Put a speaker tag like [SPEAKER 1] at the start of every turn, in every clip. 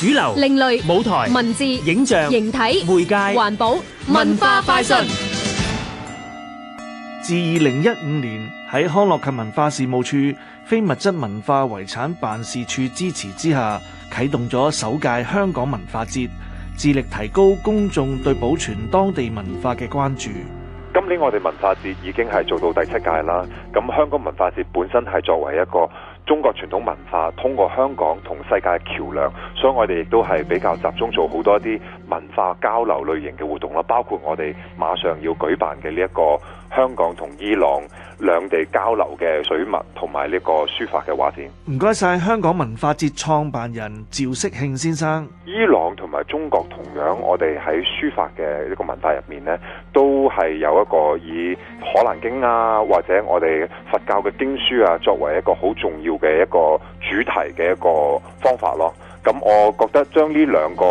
[SPEAKER 1] 主流、另類舞台、文字、影像、形體、媒介、環保、文化快訊。自二零一五年喺康樂及文化事務處非物質文化遺產辦事處支持之下，啟動咗首屆香港文化節，致力提高公眾對保存當地文化嘅關注。
[SPEAKER 2] 今年我哋文化節已經係做到第七屆啦。咁香港文化節本身係作為一個中國傳統文化通過香港同世界橋梁。所以我哋亦都係比較集中做好多一啲文化交流類型嘅活動啦，包括我哋馬上要舉辦嘅呢一個香港同伊朗兩地交流嘅水墨同埋呢個書法嘅畫展。
[SPEAKER 1] 唔該晒香港文化節創辦人趙式慶先生。
[SPEAKER 2] 伊朗同埋中國同樣我哋喺書法嘅呢個文化入面咧，都係有一個以《可蘭經》啊，或者我哋佛教嘅經書啊，作為一個好重要嘅一個主題嘅一個方法咯。咁我覺得將呢兩個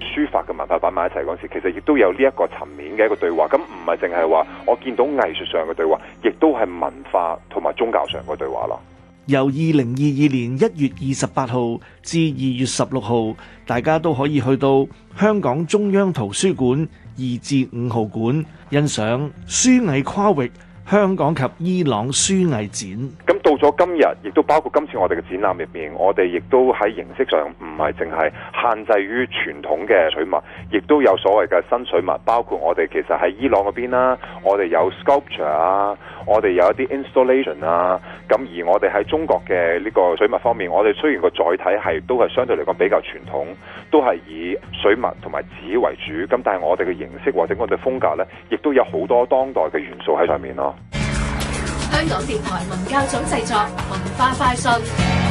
[SPEAKER 2] 書法嘅文化擺埋一齊嗰陣時，其實亦都有呢一個層面嘅一個對話。咁唔係淨係話我見到藝術上嘅對話，亦都係文化同埋宗教上嘅對話咯。
[SPEAKER 1] 由二零二二年一月二十八號至二月十六號，大家都可以去到香港中央圖書館二至五號館，欣賞書藝跨域、香港及伊朗書藝展。
[SPEAKER 2] 到今日亦都包括今次我哋嘅展覽入邊，我哋亦都喺形式上唔係淨係限制於傳統嘅水墨，亦都有所謂嘅新水墨。包括我哋其實喺伊朗嗰邊啦，我哋有 sculpture 啊，我哋有一啲 installation 啊。咁而我哋喺中國嘅呢個水墨方面，我哋雖然個載體係都係相對嚟講比較傳統，都係以水墨同埋紙為主。咁但係我哋嘅形式或者我哋風格咧，亦都有好多當代嘅元素喺上面咯。
[SPEAKER 1] 香港電台文教組製作文化快訊。